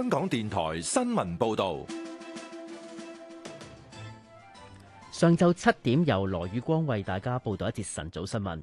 香港電台新聞報道，上晝七點由羅宇光為大家報道一節晨早新聞。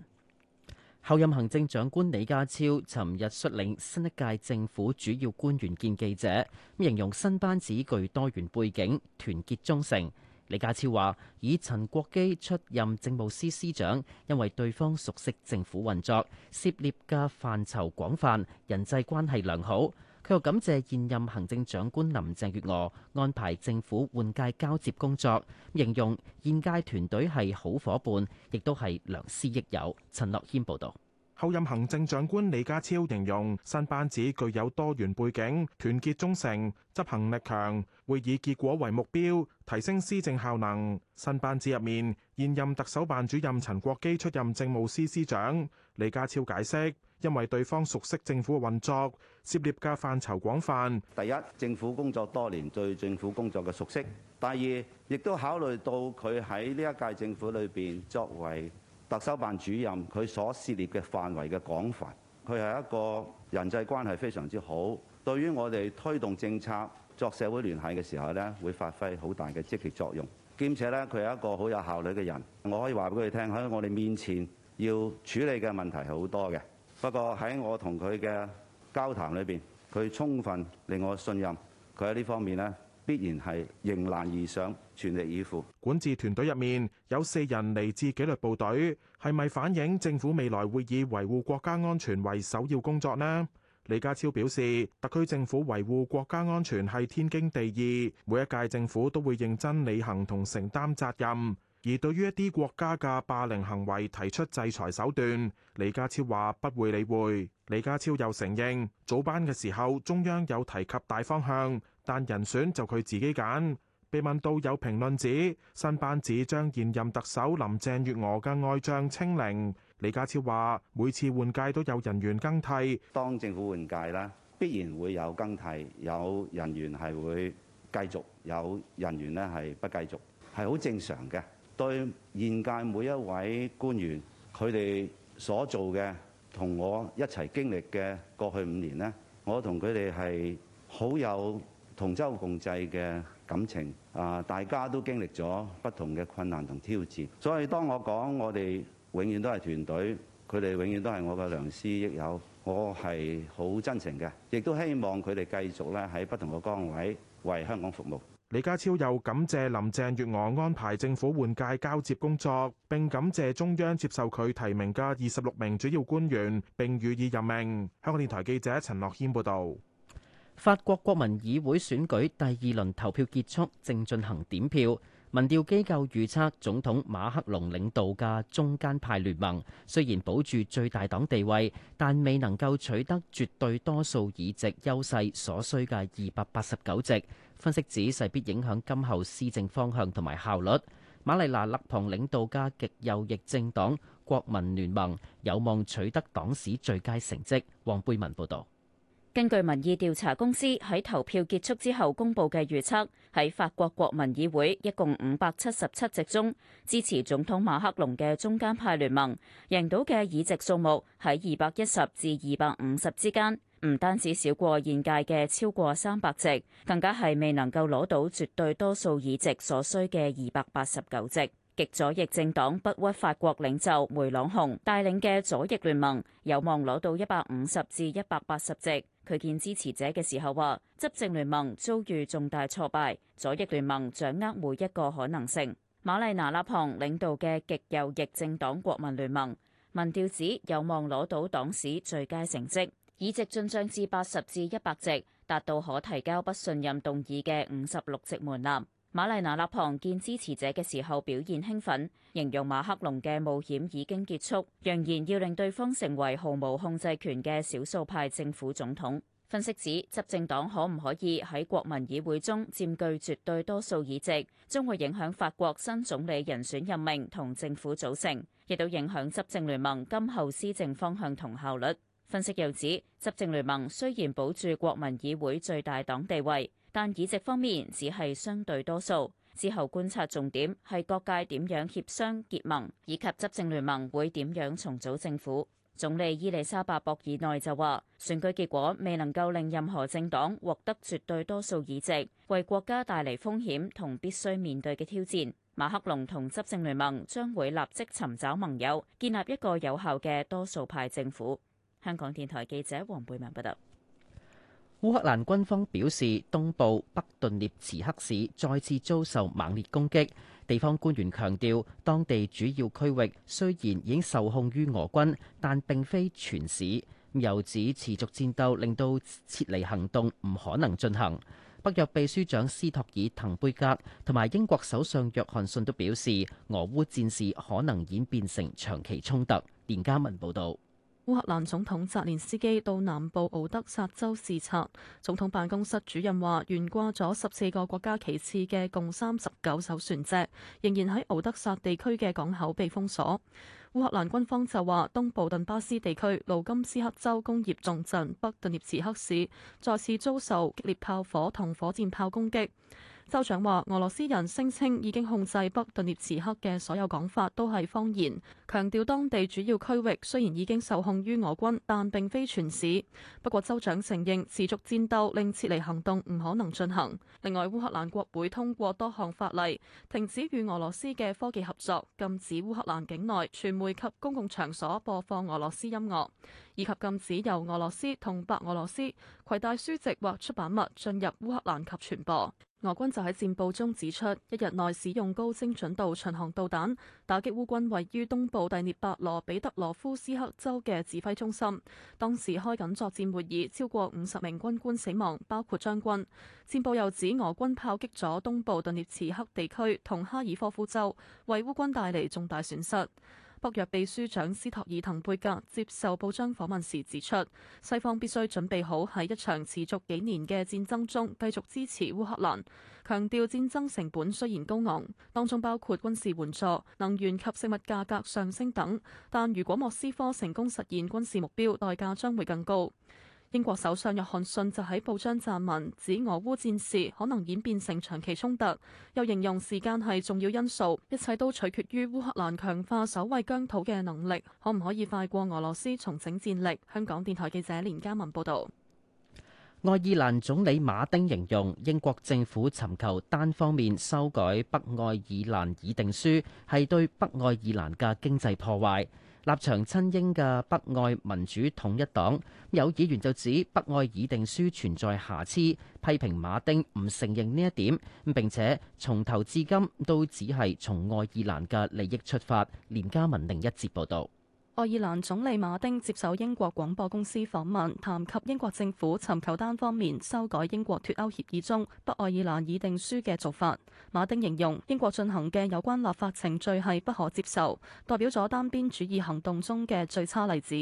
候任行政長官李家超尋日率領新一屆政府主要官員見記者，形容新班子具多元背景、團結忠誠。李家超話：以陳國基出任政務司司長，因為對方熟悉政府運作、涉獵嘅範疇廣泛、人際關係良好。佢又感謝現任行政長官林鄭月娥安排政府換屆交接工作，形容現屆團隊係好夥伴，亦都係良師益友。陳樂軒報導。候任行政長官李家超形容，新班子具有多元背景、團結忠誠、執行力強，會以結果為目標，提升施政效能。新班子入面，現任特首辦主任陳國基出任政務司司長。李家超解釋，因為對方熟悉政府嘅運作，涉獵嘅範疇廣泛。第一，政府工作多年，對政府工作嘅熟悉；第二，亦都考慮到佢喺呢一屆政府裏邊作為。特首辦主任佢所涉獵嘅範圍嘅廣泛，佢係一個人際關係非常之好。對於我哋推動政策作社會聯繫嘅時候咧，會發揮好大嘅積極作用。兼且咧，佢係一個好有效率嘅人。我可以話俾佢聽，喺我哋面前要處理嘅問題好多嘅。不過喺我同佢嘅交談裏邊，佢充分令我信任佢喺呢方面咧。必然係迎難而上，全力以赴。管治團隊入面有四人嚟自紀律部隊，係咪反映政府未來會以維護國家安全為首要工作呢？李家超表示，特區政府維護國家安全係天經地義，每一屆政府都會認真履行同承擔責任。而對於一啲國家嘅霸凌行為，提出制裁手段，李家超話不會理會。李家超又承認早班嘅時候中央有提及大方向，但人選就佢自己揀。被問到有評論指新班子將現任特首林鄭月娥嘅愛將清零，李家超話每次換屆都有人員更替，當政府換屆啦，必然會有更替，有人員係會繼續，有人員呢係不繼續，係好正常嘅。對現屆每一位官員，佢哋所做嘅同我一齊經歷嘅過去五年咧，我同佢哋係好有同舟共濟嘅感情。啊，大家都經歷咗不同嘅困難同挑戰，所以當我講我哋永遠都係團隊，佢哋永遠都係我嘅良師益友，我係好真情嘅，亦都希望佢哋繼續咧喺不同嘅崗位為香港服務。李家超又感謝林鄭月娥安排政府換屆交接工作，並感謝中央接受佢提名嘅二十六名主要官員，並予以任命。香港電台記者陳樂軒報導。法國國民議會選舉第二輪投票結束，正進行點票。民調機構預測，總統馬克龍領導嘅中間派聯盟雖然保住最大黨地位，但未能夠取得絕對多數議席優勢所需嘅二百八十九席。分析指，勢必影響今後施政方向同埋效率。瑪麗娜勒龐領導嘅極右翼政黨國民聯盟有望取得黨史最佳成績，黃貝文報道。根據民意調查公司喺投票結束之後公布嘅預測，喺法國國民議會一共五百七十七席中，支持總統馬克龍嘅中間派聯盟贏到嘅議席數目喺二百一十至二百五十之間。唔單止少過現屆嘅超過三百席，更加係未能夠攞到絕對多數議席所需嘅二百八十九席。極左翼政黨不屈法國領袖梅朗雄帶領嘅左翼聯盟有望攞到一百五十至一百八十席。佢見支持者嘅時候話，執政聯盟遭遇重大挫敗，左翼聯盟掌握每一個可能性。瑪麗娜立龐領導嘅極右翼政黨國民聯盟，民調指有望攞到黨史最佳成績。議席進賬至八十至一百席，達到可提交不信任動議嘅五十六席門檻。瑪麗娜勒龐見支持者嘅時候表現興奮，形容馬克龍嘅冒險已經結束，揚言要令對方成為毫無控制權嘅少數派政府總統。分析指，執政黨可唔可以喺國民議會中佔據絕對多數議席，將會影響法國新總理人選任命同政府組成，亦都影響執政聯盟今後施政方向同效率。分析又指，執政聯盟雖然保住國民議會最大黨地位，但議席方面只係相對多數，之後觀察重點係各界點樣協商結盟，以及執政聯盟會點樣重組政府。總理伊麗莎白博爾內就話，選舉結果未能夠令任何政黨獲得絕對多數議席，為國家帶嚟風險同必須面對嘅挑戰，馬克龍同執政聯盟將會立即尋找盟友，建立一個有效嘅多數派政府。香港電台記者黃貝文報道，烏克蘭軍方表示，東部北頓涅茨克市再次遭受猛烈攻擊。地方官員強調，當地主要區域雖然已經受控於俄軍，但並非全市。又指持續戰鬥令到撤離行動唔可能進行。北約秘書長斯托爾滕貝格同埋英國首相約翰遜都表示，俄烏戰事可能演變成長期衝突。連家文報道。烏克蘭總統澤連斯基到南部敖德薩州視察，總統辦公室主任話懸掛咗十四個國家旗幟嘅共三十九艘船隻仍然喺敖德薩地區嘅港口被封鎖。烏克蘭軍方就話東部頓巴斯地區盧甘斯克州工業重鎮北頓涅茨克市再次遭受激烈炮火同火箭炮攻擊。州長話：俄羅斯人聲稱已經控制北頓涅茨克嘅所有講法都係謊言，強調當地主要區域雖然已經受控於俄軍，但並非全市。不過州長承認持續戰鬥令撤離行動唔可能進行。另外，烏克蘭國會通過多項法例，停止與俄羅斯嘅科技合作，禁止烏克蘭境內傳媒及公共場所播放俄羅斯音樂，以及禁止由俄羅斯同白俄羅斯攜帶書籍或出版物進入烏克蘭及傳播。俄軍就喺戰報中指出，一日內使用高精準度巡航導彈打擊烏軍位於東部第聶伯羅彼得羅夫斯克州嘅指揮中心，當時開緊作戰會議，超過五十名軍官死亡，包括將軍。戰報又指俄軍炮擊咗東部頓涅茨克地區同哈爾科夫州，為烏軍帶嚟重大損失。北約秘書長斯托爾滕貝格接受報章訪問時指出，西方必須準備好喺一場持續幾年嘅戰爭中繼續支持烏克蘭，強調戰爭成本雖然高昂，當中包括軍事援助、能源及食物價格上升等，但如果莫斯科成功實現軍事目標，代價將會更高。英國首相約翰遜就喺報章撰文指俄烏戰事可能演變成長期衝突，又形容時間係重要因素，一切都取決於烏克蘭強化守衛疆土嘅能力，可唔可以快過俄羅斯重整戰力。香港電台記者連嘉文報道，愛爾蘭總理馬丁形容英國政府尋求單方面修改北愛爾蘭議定書，係對北愛爾蘭嘅經濟破壞。立場親英嘅北愛民主統一黨有議員就指北愛議定書存在瑕疵，批評馬丁唔承認呢一點，並且從頭至今都只係從愛爾蘭嘅利益出發。連加文另一節報導。愛爾蘭總理馬丁接受英國廣播公司訪問，談及英國政府尋求單方面修改英國脫歐協議中北愛爾蘭議定書嘅做法。馬丁形容英國進行嘅有關立法程序係不可接受，代表咗單邊主義行動中嘅最差例子，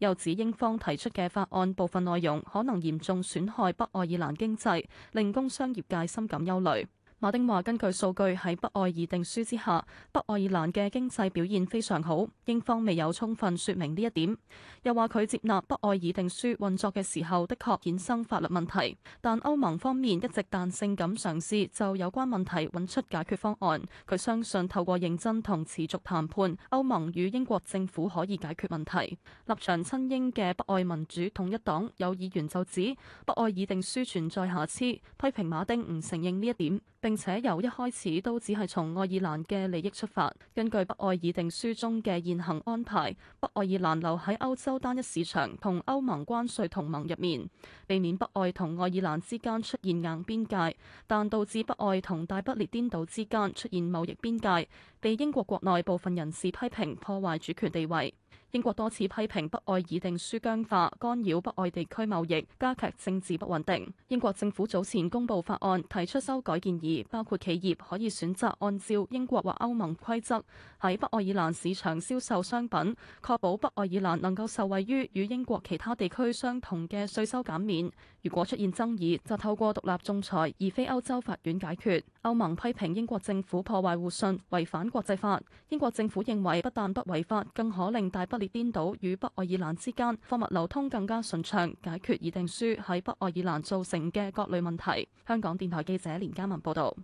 又指英方提出嘅法案部分內容可能嚴重損害北愛爾蘭經濟，令工商業界深感憂慮。馬丁話，根據數據，喺北愛議定書之下，北愛爾蘭嘅經濟表現非常好。英方未有充分說明呢一點。又話佢接納北愛議定書運作嘅時候的確衍生法律問題，但歐盟方面一直彈性咁嘗試就有關問題揾出解決方案。佢相信透過認真同持續談判，歐盟與英國政府可以解決問題。立場親英嘅北愛民主統一黨有議員就指北愛議定書存在瑕疵，批評馬丁唔承認呢一點。並且由一開始都只係從愛爾蘭嘅利益出發。根據北愛議定書中嘅現行安排，北愛爾蘭留喺歐洲單一市場同歐盟關稅同盟入面，避免北愛同愛爾蘭之間出現硬邊界，但導致北愛同大不列顛島之間出現貿易邊界，被英國國內部分人士批評破壞主權地位。英國多次批評北愛爾蘭議定書僵化，干擾北愛地區貿易，加劇政治不穩定。英國政府早前公布法案，提出修改建議，包括企業可以選擇按照英國或歐盟規則喺北愛爾蘭市場銷售商品，確保北愛爾蘭能夠受惠於與英國其他地區相同嘅稅收減免。如果出現爭議，就透過獨立仲裁，而非歐洲法院解決。歐盟批評英國政府破壞互信，違反國際法。英國政府認為不但不違法，更可令大不列顛島與北愛爾蘭之間貨物流通更加順暢，解決議定書喺北愛爾蘭造成嘅各類問題。香港電台記者連嘉文報道。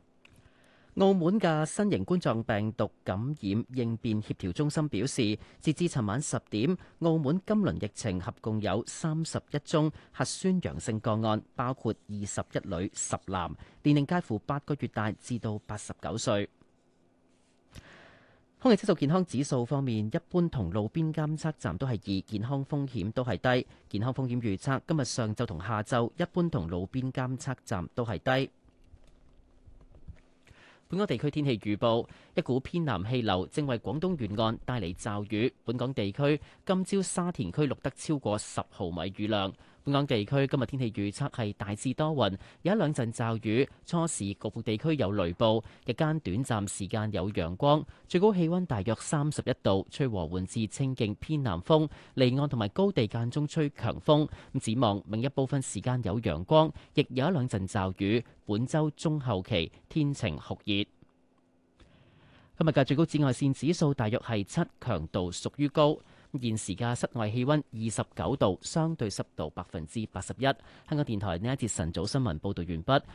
澳門嘅新型冠狀病毒感染應變協調中心表示，截至尋晚十點，澳門今輪疫情合共有三十一宗核酸陽性個案，包括二十一女十男，年齡介乎八個月大至到八十九歲。空氣質素健康指數方面，一般同路邊監測站都係二，健康風險都係低。健康風險預測今日上晝同下晝，一般同路邊監測站都係低。本港地區天氣預報，一股偏南氣流正為廣東沿岸帶嚟驟雨。本港地區今朝沙田區錄得超過十毫米雨量。本港地區今日天氣預測係大致多雲，有一兩陣驟雨，初時局部地區有雷暴，日間短暫時間有陽光，最高氣溫大約三十一度，吹和緩至清勁偏南風，離岸同埋高地間中吹強風，咁展望明一部分時間有陽光，亦有一兩陣驟雨。本周中後期天晴酷熱，今日嘅最高紫外線指數大約係七，強度屬於高。現時嘅室外氣溫二十九度，相對濕度百分之八十一。香港電台呢一節晨早新聞報道完畢。